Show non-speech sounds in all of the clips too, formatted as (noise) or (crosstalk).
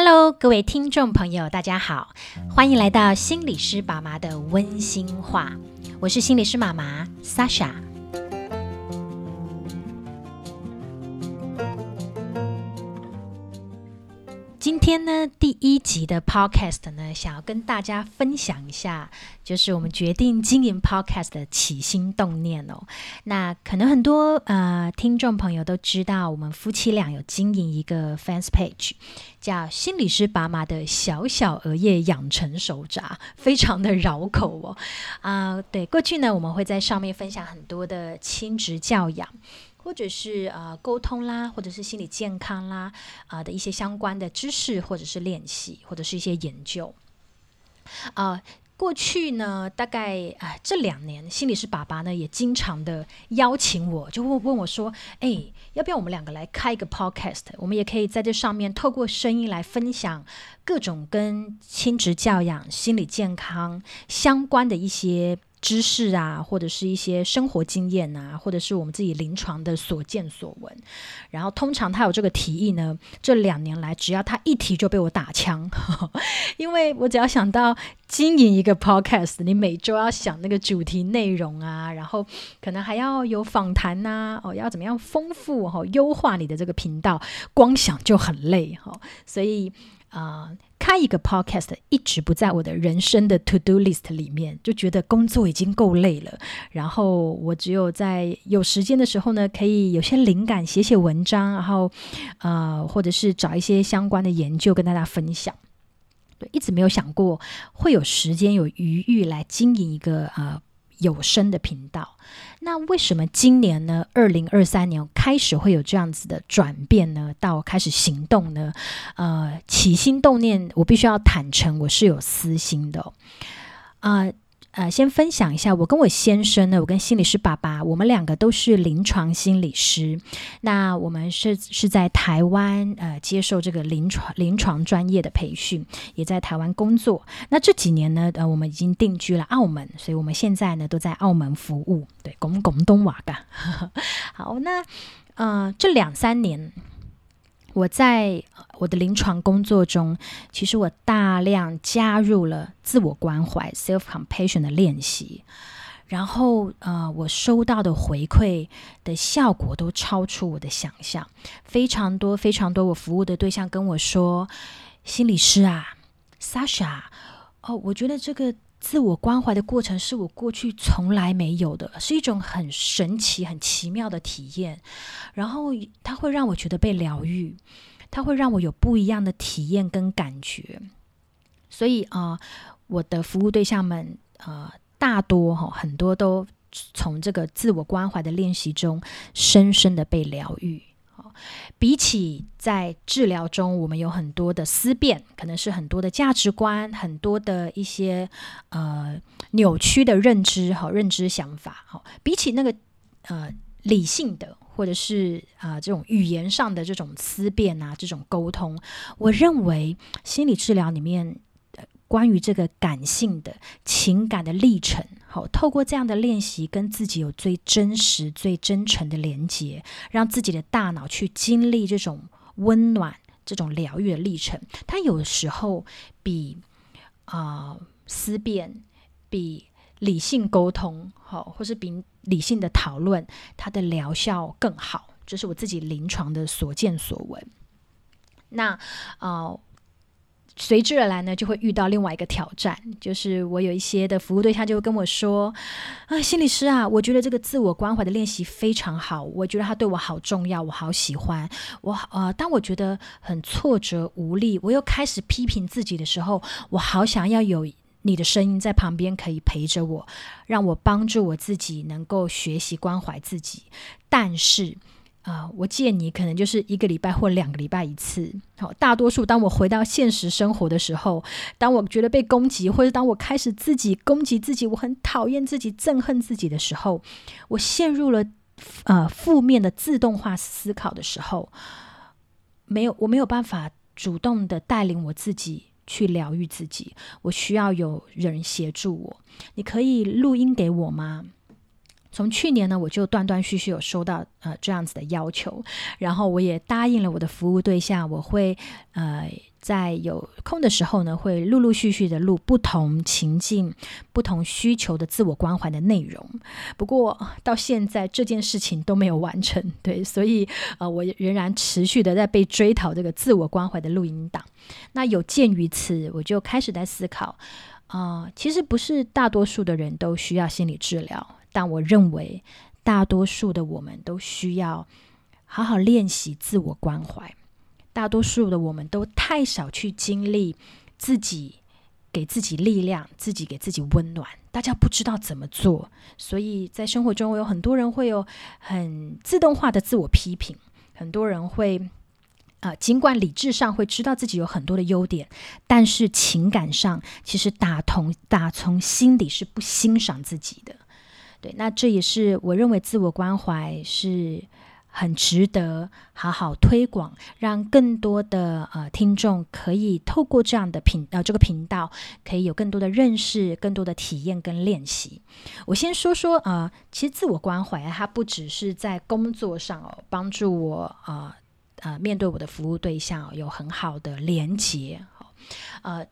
Hello，各位聽眾朋友，大家好，歡迎來到心理師爸媽的溫心話，我是心理師媽媽 Sasha。今天呢，第一集的 Podcast 呢，想要跟大家分享一下，就是我們決定經營 Podcast 的起心動念哦。那可能很多呃聽眾朋友都知道，我們夫妻倆有經營一個 Fans Page，叫心理師爸媽的小小額葉養成手札，非常的繞口哦。啊、呃，對，過去呢，我們會在上面分享很多的親職教養，或者是啊、呃、溝通啦，或者是心理健康啦啊、呃、的一些相關的知識，或者是練習，或者是一些研究。啊、呃，過去呢，大概啊、呃、這兩年，心理師爸爸呢也經常的邀請我，就會問我說：“哎，要不要我們兩個來開一個 podcast？我們也可以在這上面透過聲音來分享各種跟親職教養、心理健康相關的一些。”知識啊，或者是一些生活經驗啊，或者是我們自己臨床的所見所聞。然後，通常他有這個提議呢，這兩年來，只要他一提就被我打槍呵呵，因為我只要想到經營一個 podcast，你每周要想那個主題內容啊，然後可能還要有訪談吶、啊，哦，要怎麼樣豐富和、哦、優化你的這個頻道，光想就很累哈、哦，所以啊。呃開一個 podcast 一直不在我的人生的 to do list 裡面，就覺得工作已經夠累了，然後我只有在有時間的時候呢，可以有些靈感寫寫文章，然後呃，或者是找一些相關的研究跟大家分享。對，一直沒有想過會有時間有餘裕來經營一個呃有聲的頻道。那為什麼今年呢？二零二三年開始會有這樣子的轉變呢？到開始行動呢？呃，起心動念，我必須要坦誠，我是有私心的，哦，啊，呃。呃，先分享一下，我跟我先生呢，我跟心理師爸爸，我們兩個都是臨床心理師。那我們是是在台灣呃，接受這個臨床臨床專、專業的培訓，也在台灣工作。那這幾年呢，呃，我們已經定居了澳門，所以我們現在呢都在澳門服務。對，廣廣東話的。 (laughs) 好，那呃這兩三年。我在我的臨床工作中，其實我大量加入了自我關懷 （self-compassion） 的練習，然後呃，我收到的回饋的效果都超出我的想象，非常多非常多，我服務的對象跟我說：“心理師啊，Sasha，哦，我覺得這個。”自我關懷的過程是我過去從來沒有的，是一種很神奇、很奇妙的體驗。然後它會讓我覺得被療癒，它會讓我有不一樣的體驗跟感覺。所以啊、呃，我的服務對象們啊、呃，大多哈、哦，很多都從這個自我關懷的練習中深深的被療癒。比起在治療中，我們有很多的思辨，可能是很多的價值觀，很多的一些呃扭曲的認知和認知想法。好，比起那個呃理性的，或者是啊、呃、這種語言上的這種思辨啊，這種溝通，我認為心理治療裡面。關於這個感性的情感的歷程，好、哦，透過這樣的練習，跟自己有最真實、最真誠的連接，讓自己的大腦去經歷這種溫暖、這種療癒的歷程。它有時候比啊、呃、思辨、比理性溝通，好、哦，或是比理性的討論，它的療效更好。這是我自己臨床的所見所聞。那啊。呃隨之而來呢，就會遇到另外一個挑戰，就是我有一些的服務對象就會跟我說：“啊、呃，心理師啊，我覺得這個自我關懷的練習非常好，我覺得他對我好重要，我好喜歡我。呃，當我覺得很挫折無力，我又開始批評自己的時候，我好想要有你的聲音在旁邊可以陪着我，讓我幫助我自己，能夠學習關懷自己。但是。”啊、呃，我見你可能就是一個禮拜或兩個禮拜一次。好、哦，大多數當我回到現實生活的時候，當我覺得被攻擊，或者當我開始自己攻擊自己，我很討厭自己、憎恨自己的時候，我陷入了呃負面的自動化思考的時候，沒有，我沒有辦法主動的帶領我自己去療癒自己，我需要有人協助我。你可以錄音給我嗎？從去年呢，我就斷斷續續有收到呃這樣子的要求，然後我也答應了我的服務對象，我會呃在有空的時候呢，會陸陸續續的錄不同情境、不同需求的自我關懷的內容。不過到現在這件事情都沒有完成，對，所以呃我仍然持續的在被追討這個自我關懷的錄音檔。那有鑑於此，我就開始在思考啊，呃，其實不是大多數的人都需要心理治療。但我認為，大多數的我們都需要好好練習自我關懷。大多數的我們都太少去經歷自己給自己力量、自己給自己溫暖。大家不知道怎麼做，所以在生活中，有很多人會有很自動化的自我批評。很多人會啊，呃，儘管理智上會知道自己有很多的優點，但是情感上其實打同打從心裡是不欣賞自己的。對，那這也是我認為自我關懷是很值得好好推廣，讓更多的呃聽眾可以透過這樣的頻呃這個頻道，可以有更多的認識、更多的體驗跟練習。我先說說啊、呃，其實自我關懷、啊、它不只是在工作上、哦、幫助我啊啊、呃呃，面對我的服務對象、哦、有很好的連接啊。好呃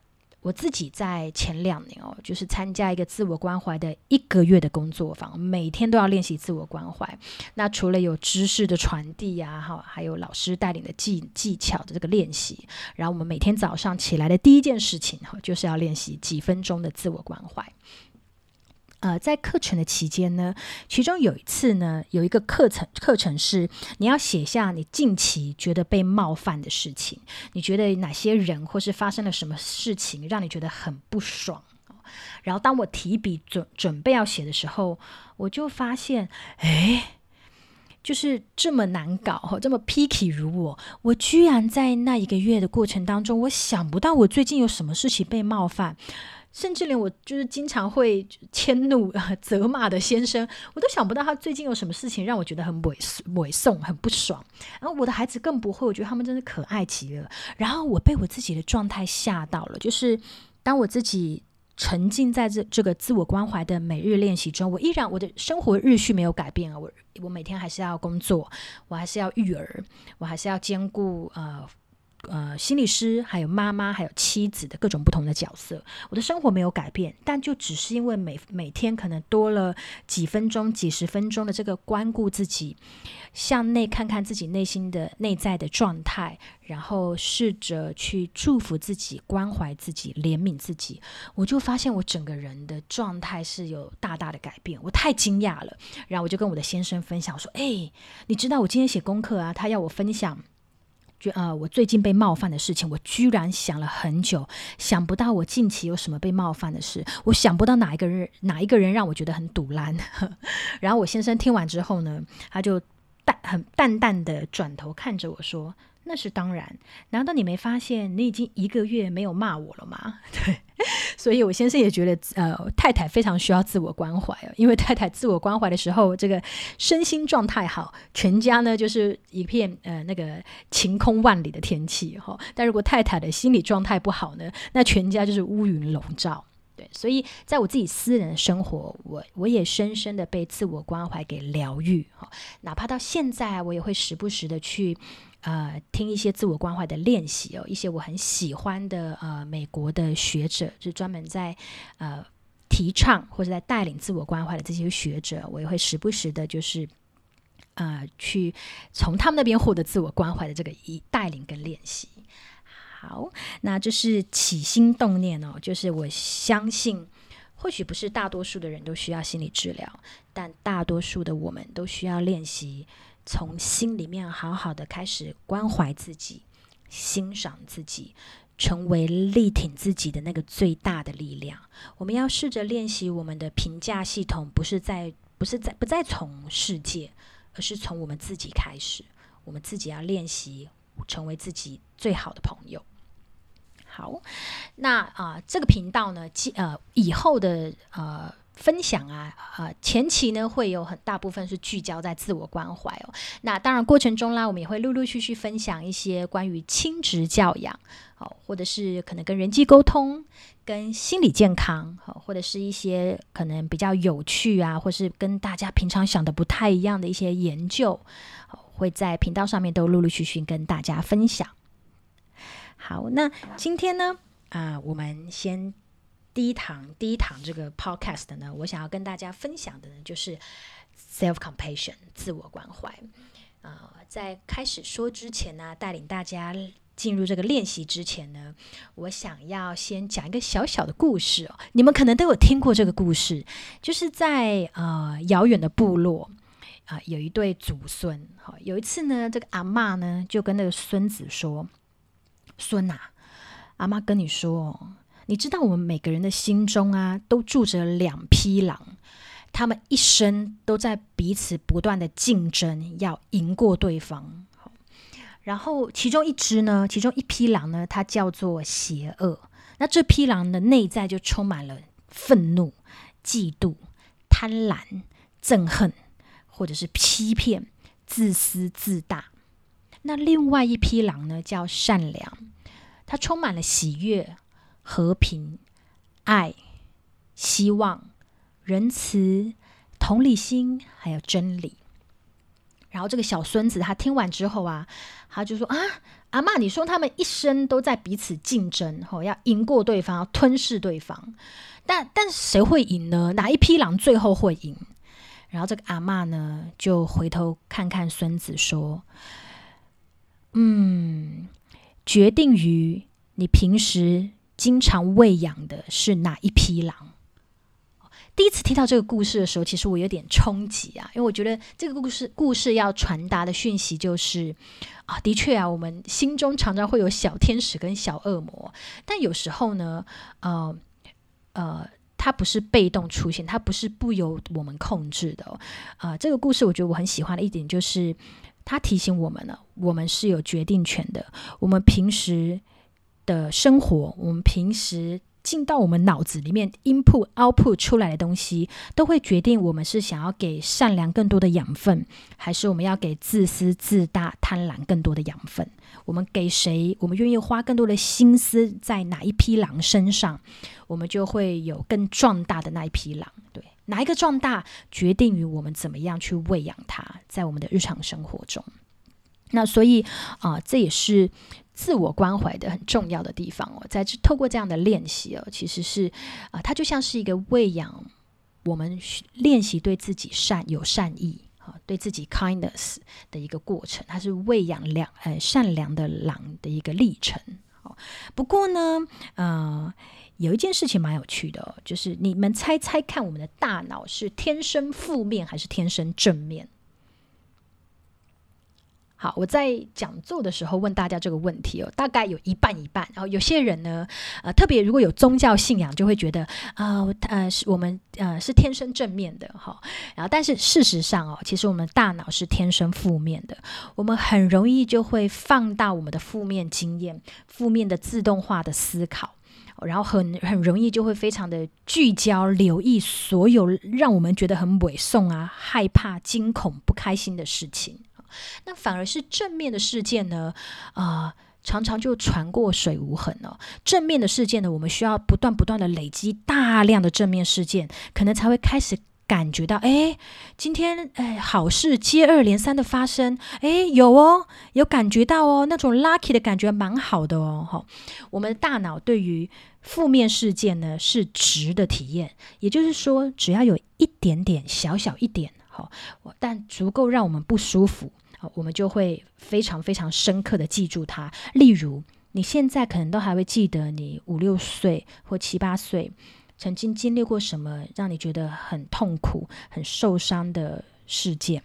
我自己在前兩年哦，就是參加一個自我關懷的一個月的工作坊，每天都要練習自我關懷。那除了有知識的傳遞呀，哈，還有老師帶領的技技巧的這個練習，然後我們每天早上起來的第一件事情哈，就是要練習幾分鐘的自我關懷。呃，在課程的期間呢，其中有一次呢，有一個課程課程是你要寫下你近期覺得被冒犯的事情，你覺得哪些人或是發生了什麼事情讓你覺得很不爽？然後當我提筆準準備要寫的時候，我就發現，哎，就是這麼難搞，這麼 picky 如我，我居然在那一個月的過程當中，我想不到我最近有什麼事情被冒犯。甚至連我就是經常會遷怒、呵、責罵的先生，我都想不到他最近有什麼事情讓我覺得很美美送、很不爽。然後我的孩子更不會，我覺得他們真的可愛極了。然後我被我自己的狀態嚇到了，就是當我自己沉浸在這這個自我關懷的每日練習中，我依然我的生活日序沒有改變啊，我我每天還是要工作，我還是要育兒，我還是要兼顧呃。呃，心理師，還有媽媽，還有妻子的各種不同的角色，我的生活沒有改變，但就只是因為每每天可能多了幾分鐘、幾十分鐘的這個關顧自己，向內看看自己內心的內在的狀態，然後試着去祝福自己、關懷自己、憐憫自己，我就發現我整個人的狀態是有大大的改變，我太驚訝了。然後我就跟我的先生分享說：“哎，你知道我今天寫功課啊，他要我分享。”呃、嗯，我最近被冒犯的事情，我居然想了很久，想不到我近期有什麼被冒犯的事，我想不到哪一個人哪一個人讓我覺得很堵爛。 (laughs) 然後我先生聽完之後呢，他就淡很淡淡的轉頭看着我說：“那是當然，難道你沒發現你已經一個月沒有罵我了嗎？”對。所以，我先生也覺得，呃，太太非常需要自我關懷哦，因為太太自我關懷的時候，這個身心狀態好，全家呢就是一片呃那個晴空萬里的天氣哈、哦。但如果太太的心理狀態不好呢，那全家就是烏雲籠罩。對，所以在我自己私人的生活，我我也深深的被自我關懷給療癒哈、哦，哪怕到現在，我也會時不時的去。呃，聽一些自我關懷的練習哦，一些我很喜歡的呃，美國的學者就專門在呃提倡或者在帶領自我關懷的這些學者，我也會時不時的，就是呃去從他們那邊獲得自我關懷的這個一帶領跟練習。好，那這是起心動念哦，就是我相信，或許不是大多數的人都需要心理治療，但大多數的我們都需要練習。從心裡面好好的開始關懷自己，欣賞自己，成為力挺自己的那個最大的力量。我們要試着練習我們的評價系統不，不是在不是在不再從世界，而是從我們自己開始。我們自己要練習成為自己最好的朋友。好，那啊、呃，這個頻道呢，呃，以後的呃。分享啊，啊、呃，前期呢會有很大部分是聚焦在自我關懷哦。那當然過程中啦，我們也會陸陸續續分享一些關於親職教養，哦，或者是可能跟人際溝通、跟心理健康，哦，或者是一些可能比較有趣啊，或是跟大家平常想的不太一樣的一些研究，哦，會在頻道上面都陸陸續續跟大家分享。好，那今天呢，啊、呃，我們先。第一堂，第一堂這個 podcast 呢，我想要跟大家分享的呢就是 self-compassion 自我關懷。呃，在開始說之前呢，帶領大家進入這個練習之前呢，我想要先講一個小小的故事哦。你們可能都有聽過這個故事，就是在呃遙遠的部落啊、呃，有一對祖孫。好、哦，有一次呢，這個阿嬤呢就跟那個孫子說：“孫吶、啊，阿嬤跟你說。”你知道，我們每個人的心中啊，都住着兩匹狼，他們一生都在彼此不斷的競爭，要贏過對方。然後其中一只呢，其中一匹狼呢，它叫做邪惡。那這匹狼的內在就充滿了憤怒、嫉妒、貪婪、憎恨，或者是欺騙、自私自大。那另外一匹狼呢，叫善良，它充滿了喜悅。和平、愛、希望、仁慈、同理心，還有真理。然後這個小孫子他聽完之後啊，他就說：“啊，阿媽，你說他們一生都在彼此競爭，吼、哦，要贏過對方，要吞噬對方，但但誰會贏呢？哪一匹狼最後會贏？”然後這個阿媽呢，就回頭看看孫子說：“嗯，決定於你平時。”經常餵養的是哪一匹狼？第一次聽到這個故事的時候，其實我有點衝擊啊，因為我覺得這個故事故事要傳達的訊息就是啊，的確啊，我們心中常常會有小天使跟小惡魔，但有時候呢，呃呃，它不是被動出現，它不是不由我們控制的哦。呃，這個故事我覺得我很喜歡的一點就是，它提醒我們了啊，我們是有決定權的。我們平時的生活，我們平時進到我們腦子裡面 input output 出來的東西，都會決定我們是想要給善良更多的養分，還是我們要給自私自大、貪婪更多的養分。我們給誰，我們願意花更多的心思在哪一匹狼身上，我們就會有更壯大的那一匹狼。對，哪一個壯大，決定於我們怎麼樣去餵養它，在我們的日常生活中。那所以啊、呃，這也是自我關懷的很重要的地方哦。在這透過這樣的練習哦，其實是啊、呃，它就像是一個餵養我們練習對自己善有善意啊、哦，對自己 kindness 的一個過程，它是餵養良，呃，善良的狼的一個歷程哦。不過呢，呃，有一件事情蠻有趣的、哦，就是你們猜猜看，我們的大腦是天生負面還是天生正面？好，我在講座的時候問大家這個問題哦，大概有一半一半。然後有些人呢，呃，特別如果有宗教信仰，就會覺得，呃，呃是我們呃是天生正面的哈、哦。然後，但是事實上哦，其實我們大腦是天生負面的，我們很容易就會放大我們的負面經驗、負面的自動化的思考，然後很很容易就會非常的聚焦、留意所有讓我們覺得很委送啊、害怕、驚恐、不開心的事情。那反而是正面的事件呢？啊、呃，常常就船過水無痕哦，正面的事件呢，我們需要不斷不斷地累積大量的正面事件，可能才會開始感覺到，哎，今天誒，好事接二連三的發生，哎，有哦，有感覺到哦，那種 lucky 的感覺蠻好的哦。哈、哦，我們的大腦對於負面事件呢是值的體驗，也就是說，只要有一點點小小一點，哈、哦，但足夠讓我們不舒服。我們就會非常非常深刻的記住它。例如，你現在可能都還會記得你五六歲或七八歲曾經經歷過什麼，讓你覺得很痛苦、很受傷的事件。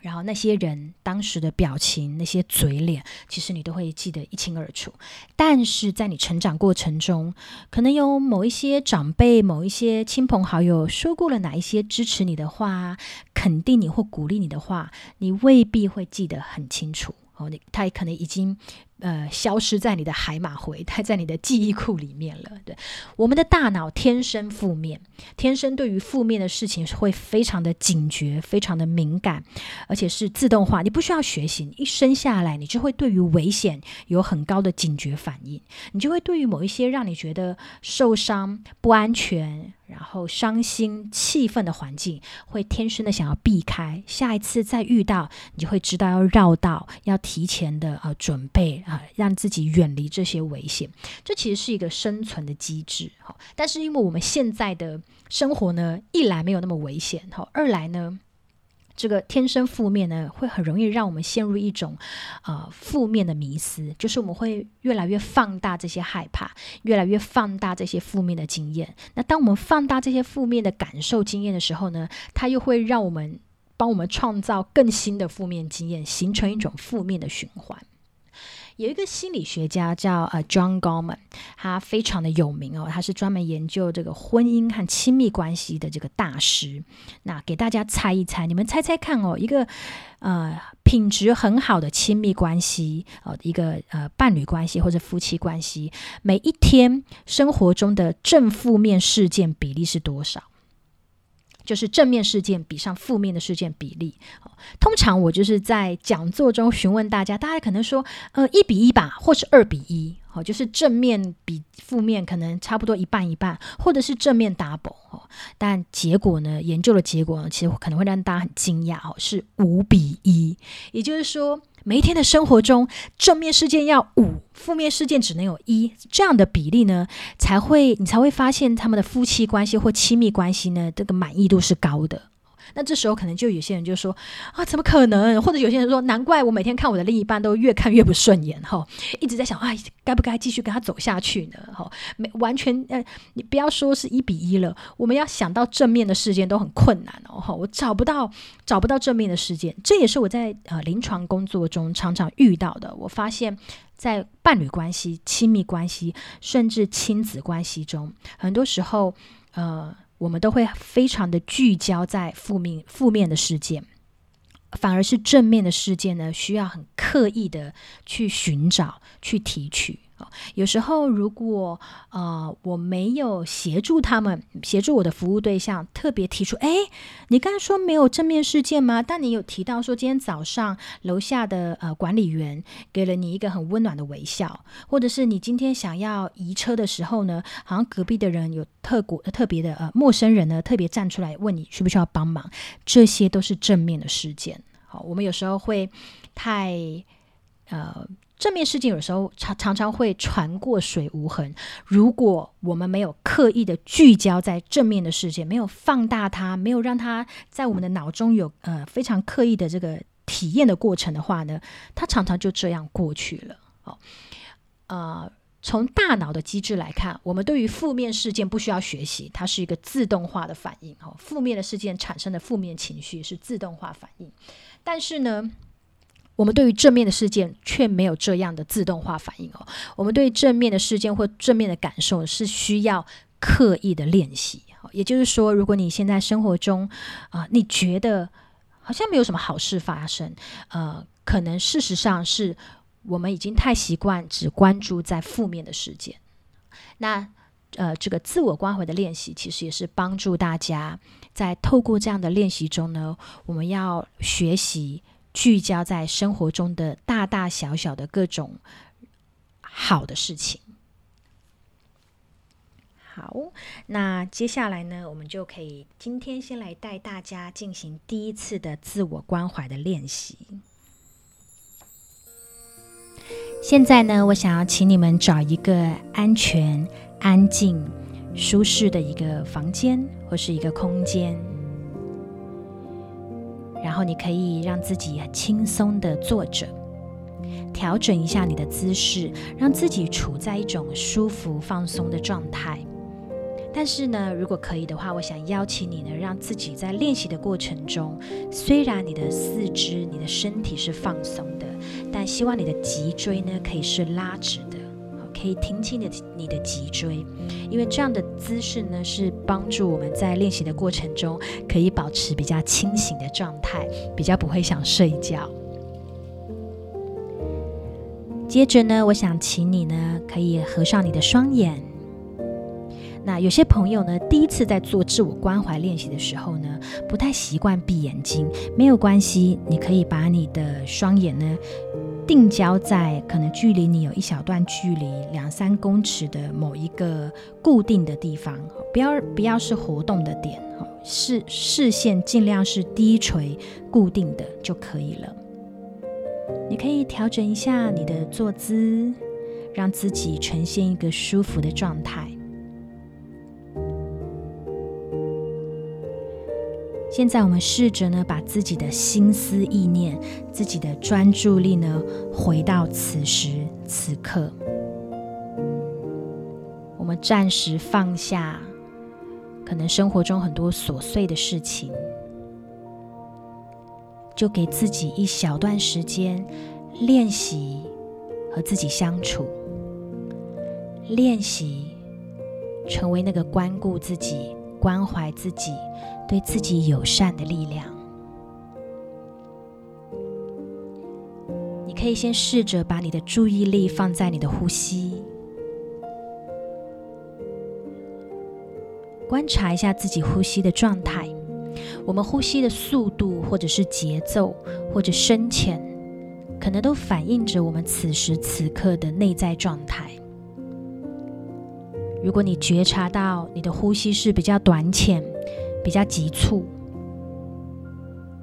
然後那些人當時的表情、那些嘴臉，其實你都會記得一清二楚。但是在你成長過程中，可能有某一些長輩、某一些親朋好友說過了哪一些支持你的話、肯定你或鼓勵你的話，你未必會記得很清楚。哦，你他可能已經。呃，消失在你的海馬回，待在你的記憶庫裡面了。對，我們的大腦天生負面，天生對於負面的事情會非常的警覺，非常的敏感，而且是自動化。你不需要學習，你一生下來你就會對於危險有很高的警覺反應，你就會對於某一些讓你覺得受傷、不安全、然後傷心、氣憤的環境，會天生的想要避開。下一次再遇到，你就會知道要繞道，要提前的呃準備。啊，讓自己遠離這些危險，這其實是一個生存的機制。哈，但是因為我們現在的生活呢，一來沒有那麼危險，哈，二來呢，這個天生負面呢，會很容易讓我們陷入一種、呃、負面的迷思，就是我們會越來越放大這些害怕，越來越放大這些負面的經驗。那當我們放大這些負面的感受經驗的時候呢，它又會讓我們幫我們創造更新的負面經驗，形成一種負面的循環。有一個心理學家叫呃 John Gottman，他非常的有名哦，他是專門研究這個婚姻和親密關係的這個大師。那給大家猜一猜，你們猜猜看哦，一個呃品質很好的親密關係哦，呃，一個呃伴侶關係或者夫妻關係，每一天生活中的正負面事件比例是多少？就是正面事件比上負面的事件比例，通常我就是在講座中詢問大家，大家可能說，呃，一比一吧，或是二比一。就是正面比負面可能差不多一半一半，或者是正面 double 哦，但結果呢？研究的結果呢，其實可能會讓大家很驚訝哦，是五比一，也就是說，每一天的生活中，正面事件要五，負面事件只能有一，這樣的比例呢，才會你才會發現他們的夫妻關係或親密關係呢，這個滿意度是高的。那這時候可能就有些人就說啊，怎麼可能？或者有些人說，難怪我每天看我的另一半都越看越不順眼吼，一直在想哎，該不該繼續跟他走下去呢？吼，沒完全呃，你不要說是一比一了，我們要想到正面的事件都很困難哦。吼，我找不到找不到正面的事件，這也是我在呃臨床工作中常常遇到的。我發現，在伴侶關係、親密關係，甚至親子關係中，很多時候呃。我們都會非常的聚焦在負面負面的事件，反而是正面的事件呢，需要很刻意的去尋找、去提取。有時候，如果呃，我沒有協助他們，協助我的服務對象，特別提出，哎，你剛才說沒有正面事件嗎？但你有提到說，今天早上樓下的呃管理員給了你一個很溫暖的微笑，或者是你今天想要移車的時候呢，好像隔壁的人有特過、呃、特別的呃陌生人呢，特別站出來問你需不需要幫忙，這些都是正面的事件。好，我們有時候會太呃。正面事件有時候常常會船過水無痕。如果我們沒有刻意的聚焦在正面的事件，沒有放大它，沒有讓它在我們的腦中有呃非常刻意的這個體驗的過程的話呢，它常常就這樣過去了。哦，啊、呃，從大腦的機制來看，我們對於負面事件不需要學習，它是一個自動化的反應。哦，負面的事件產生的負面情緒是自動化反應，但是呢，我們對於正面的事件卻沒有這樣的自動化反應哦。我們對於正面的事件或正面的感受是需要刻意的練習。也就是說，如果你現在生活中啊、呃，你覺得好像沒有什麼好事發生，呃，可能事實上是我們已經太習慣只關注在負面的事件。那呃，這個自我關懷的練習其實也是幫助大家在透過這樣的練習中呢，我們要學習，聚焦在生活中的大大小小的各種好的事情。好，那接下來呢，我們就可以今天先來帶大家進行第一次的自我關懷的練習。現在呢，我想要請你們找一個安全、安靜、舒適的一個房間或是一個空間。然後你可以讓自己很輕鬆地坐着，調整一下你的姿勢，讓自己處在一種舒服放鬆的狀態。但是呢，如果可以的話，我想邀請你呢，讓自己在練習的過程中，雖然你的四肢、你的身體是放鬆的，但希望你的脊椎呢，可以是拉直的。可以挺起你你的脊椎，因為這樣的姿勢呢，是幫助我們在練習的過程中可以保持比較清醒的狀態，比較不會想睡覺。接着呢，我想請你呢，可以合上你的雙眼。那有些朋友呢，第一次在做自我關懷練習的時候呢，不太習慣閉眼睛，沒有關係，你可以把你的雙眼呢。定焦在可能距離你有一小段距離，兩三公尺的某一個固定的地方，不要不要是活動的點，視視線儘量是低垂固定的就可以了。你可以調整一下你的坐姿，讓自己呈現一個舒服的狀態。現在我們試着呢，把自己的心思意念、自己的專注力呢，回到此時此刻。我們暫時放下可能生活中很多瑣碎的事情，就給自己一小段時間練習和自己相處，練習成為那個關顧自己。關懷自己，對自己友善的力量。你可以先試着把你的注意力放在你的呼吸，觀察一下自己呼吸的狀態。我們呼吸的速度，或者是節奏，或者深淺，可能都反映着我們此時此刻的內在狀態。如果你覺察到你的呼吸是比較短淺、比較急促，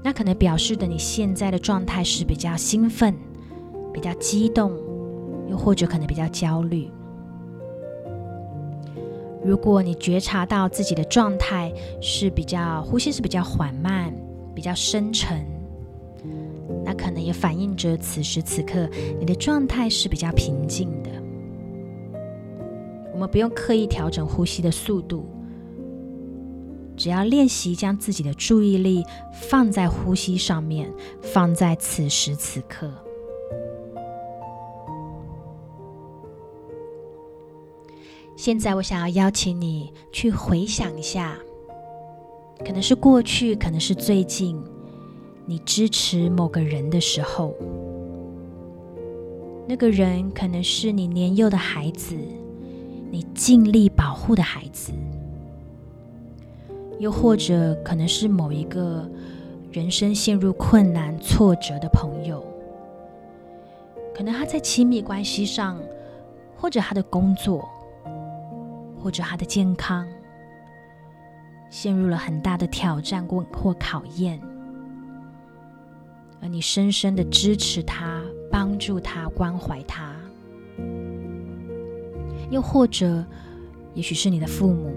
那可能表示的你現在的狀態是比較興奮、比較激動，又或者可能比較焦慮。如果你覺察到自己的狀態是比較，呼吸是比較緩慢、比較深沉，那可能也反映着此時此刻你的狀態是比較平靜的。我們不用刻意調整呼吸的速度，只要練習將自己的注意力放在呼吸上面，放在此時此刻。現在，我想要邀請你去回想一下，可能是過去，可能是最近，你支持某個人的時候，那個人可能是你年幼的孩子。你盡力保護的孩子，又或者可能是某一個人生陷入困難、挫折的朋友，可能他在親密關係上，或者他的工作，或者他的健康，陷入了很大的挑戰或考驗，而你深深的支持他、幫助他、關懷他。又或者，也許是你的父母、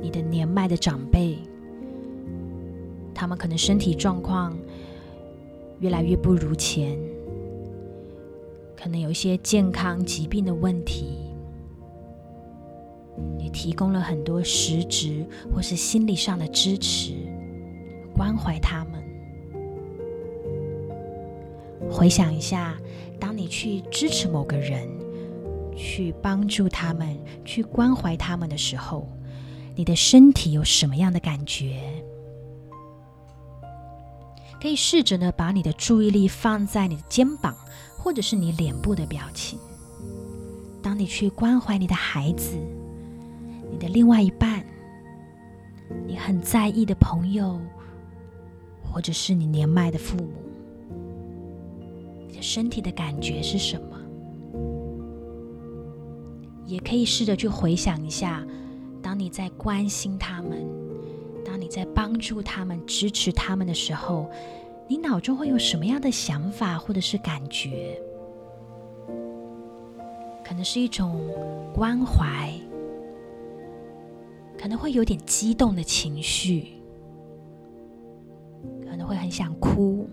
你的年邁的長輩，他們可能身體狀況越來越不如前，可能有一些健康疾病的問題，你提供了很多實質或是心理上的支持，關懷他們。回想一下，當你去支持某個人，去幫助他們，去關懷他們的時候，你的身體有什麼樣的感覺？可以試着呢，把你的注意力放在你的肩膀，或者是你臉部的表情。當你去關懷你的孩子、你的另外一半、你很在意的朋友，或者是你年邁的父母，你的身體的感覺是什麼？也可以試着去回想一下，當你在關心他們，當你在幫助他們、支持他們的時候，你腦中會有什麼樣的想法或者是感覺？可能是一種關懷，可能會有點激動的情緒，可能會很想哭，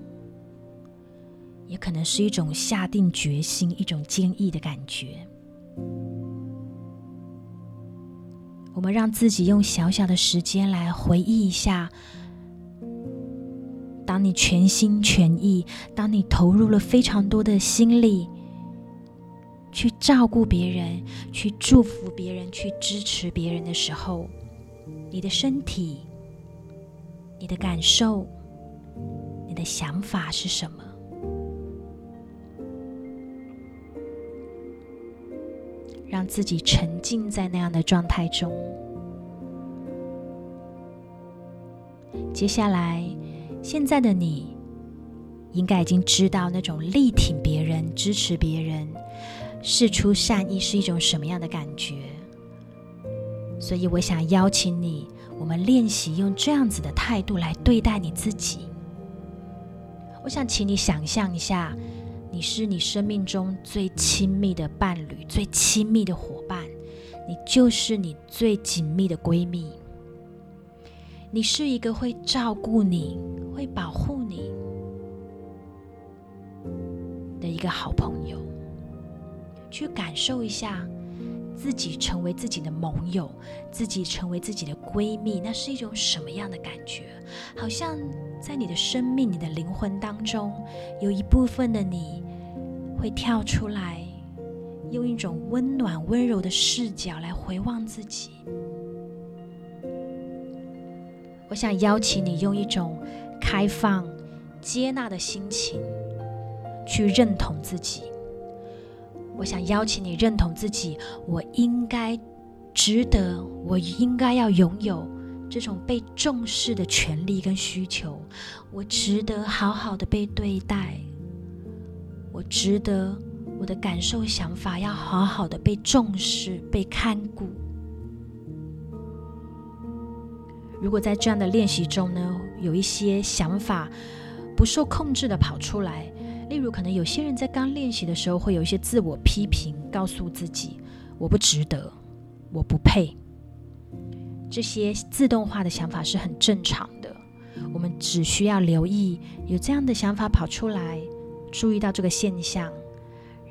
也可能是一種下定決心、一種堅毅的感覺。我們讓自己用小小的時間來回憶一下，當你全心全意，當你投入了非常多的心力去照顧別人、去祝福別人、去支持別人的時候，你的身體、你的感受、你的想法是什麼？讓自己沉浸在那樣的狀態中。接下來，現在的你應該已經知道那種力挺別人、支持別人、釋出善意是一種什麼樣的感覺。所以，我想邀請你，我們練習用這樣子的態度來對待你自己。我想請你想象一下。你是你生命中最親密的伴侶，最親密的夥伴，你就是你最緊密的閨蜜。你是一個會照顧你、會保護你的一個好朋友。去感受一下。自己成為自己的盟友，自己成為自己的閨蜜，那是一種什麼樣的感覺？好像在你的生命、你的靈魂當中，有一部分的你會跳出來，用一種溫暖、溫柔的視角來回望自己。我想邀請你用一種開放、接納的心情去認同自己。我想邀請你認同自己，我應該值得，我應該要擁有這種被重視的權利跟需求。我值得好好的被對待，我值得我的感受、想法要好好的被重視、被看顧。如果在這樣的練習中呢，有一些想法不受控制的跑出來。例如，可能有些人在剛練習的時候會有一些自我批評，告訴自己“我不值得，我不配”。這些自動化的想法是很正常的。我們只需要留意有這樣的想法跑出來，注意到這個現象，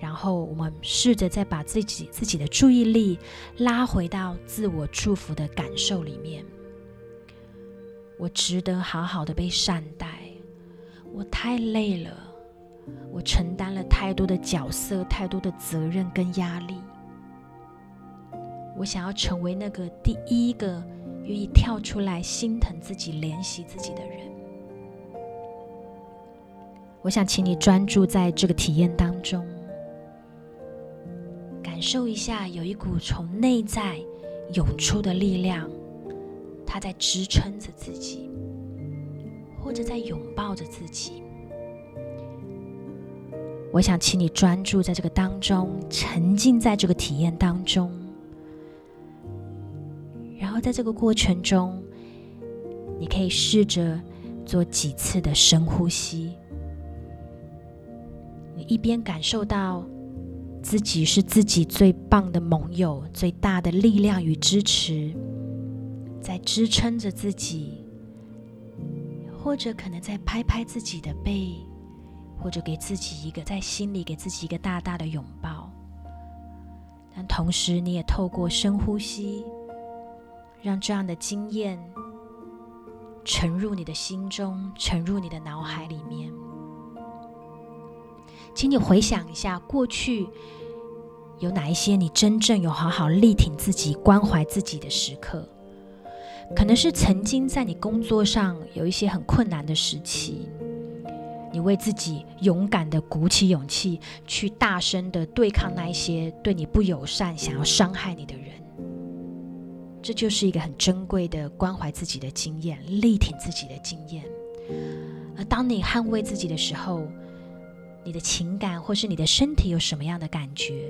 然後我們試着再把自己自己的注意力拉回到自我祝福的感受裡面。我值得好好的被善待。我太累了。我承擔了太多的角色、太多的責任跟壓力。我想要成為那個第一個願意跳出來心疼自己、憐惜自己的人。我想請你專注在這個體驗當中，感受一下有一股從內在湧出的力量，它在支撐着自己，或者在擁抱着自己。我想請你專注在這個當中，沉浸在這個體驗當中。然後在這個過程中，你可以試着做幾次的深呼吸。你一邊感受到自己是自己最棒的盟友，最大的力量與支持，在支撐着自己，或者可能在拍拍自己的背。或者給自己一個，在心裡給自己一個大大的擁抱，但同時你也透過深呼吸，讓這樣的經驗沉入你的心中，沉入你的腦海裡面。請你回想一下，過去有哪一些你真正有好好力挺自己、關懷自己的時刻？可能是曾經在你工作上有一些很困難的時期。你為自己勇敢的鼓起勇氣，去大聲的對抗那一些對你不友善、想要傷害你的人，這就是一個很珍貴的關懷自己的經驗、力挺自己的經驗。而當你捍衛自己的時候，你的情感或是你的身體有什麼樣的感覺？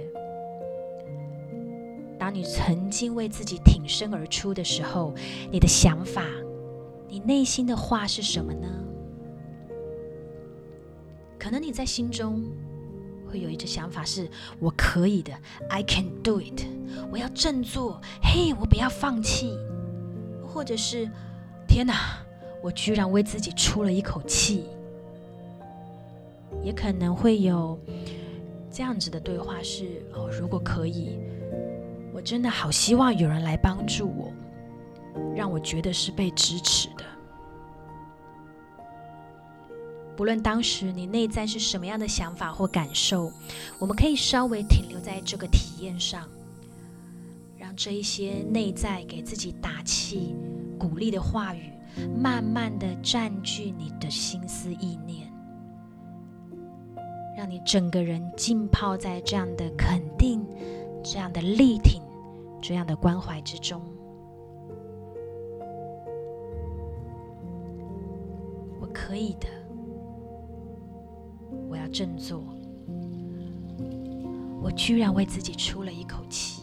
當你曾經為自己挺身而出的時候，你的想法、你內心的話是什麼呢？可能你在心中會有一個想法是：“我可以的，I can do it。”我要振作，嘿，我不要放棄。或者是“天哪，我居然為自己出了一口氣。”也可能會有這樣子的對話是：“哦，如果可以，我真的好希望有人來幫助我，讓我覺得是被支持的。”不論當時你內在是什麼樣的想法或感受，我們可以稍微停留在這個體驗上，讓這一些內在給自己打氣、鼓勵的話語，慢慢的佔據你的心思意念，讓你整個人浸泡在這樣的肯定、這樣的力挺、這樣的關懷之中。我可以的。我要振作，我居然為自己出了一口氣。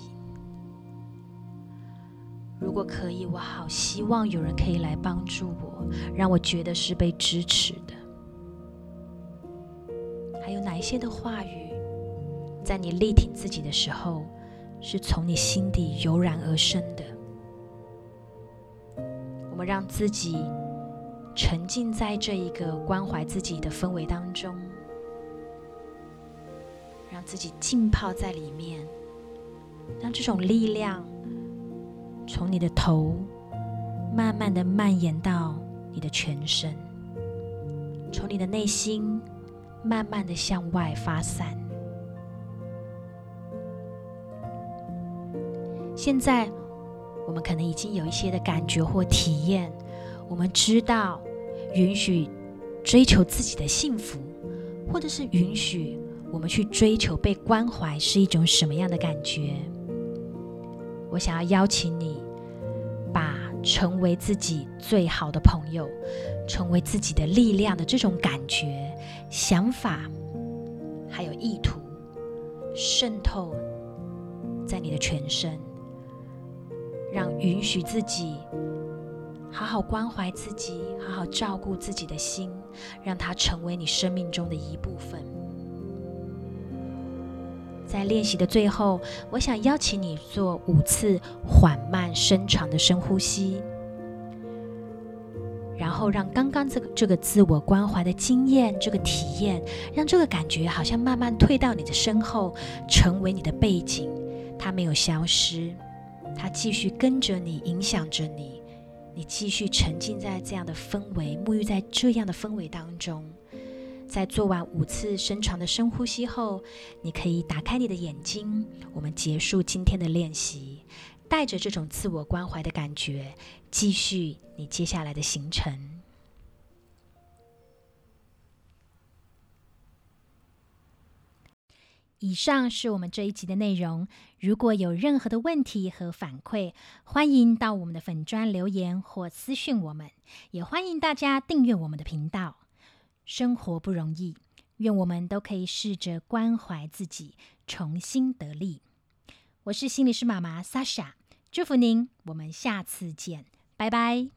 如果可以，我好希望有人可以來幫助我，讓我覺得是被支持的。還有哪一些的話語，在你力挺自己的時候，是從你心底油然而生的？我們讓自己沉浸在這一個關懷自己的氛圍當中。讓自己浸泡在裡面，讓這種力量從你的頭慢慢的蔓延到你的全身，從你的內心慢慢的向外發散。現在我們可能已經有一些的感覺或體驗，我們知道允許追求自己的幸福，或者是允許。我們去追求被關懷是一種什麼樣的感覺？我想要邀請你，把成為自己最好的朋友、成為自己的力量的這種感覺、想法還有意圖，滲透在你的全身，讓允許自己好好關懷自己、好好照顧自己的心，讓它成為你生命中的一部分。在練習的最後，我想邀請你做五次緩慢、深長的深呼吸，然後讓剛剛這個這個自我關懷的經驗、這個體驗，讓這個感覺好像慢慢退到你的身後，成為你的背景。它沒有消失，它繼續跟着你，影響着你。你繼續沉浸在這樣的氛圍，沐浴在這樣的氛圍當中。在做完五次深長的深呼吸後，你可以打開你的眼睛。我們結束今天的練習，帶着這種自我關懷的感覺，繼續你接下來的行程。以上是我們這一集的內容。如果有任何的問題和反饋，歡迎到我們的粉專留言或私信我們。也歡迎大家訂閱我們的頻道。生活不容易，願我們都可以試着關懷自己，重新得力。我是心理師媽媽 Sasha，祝福您，我們下次見，拜拜。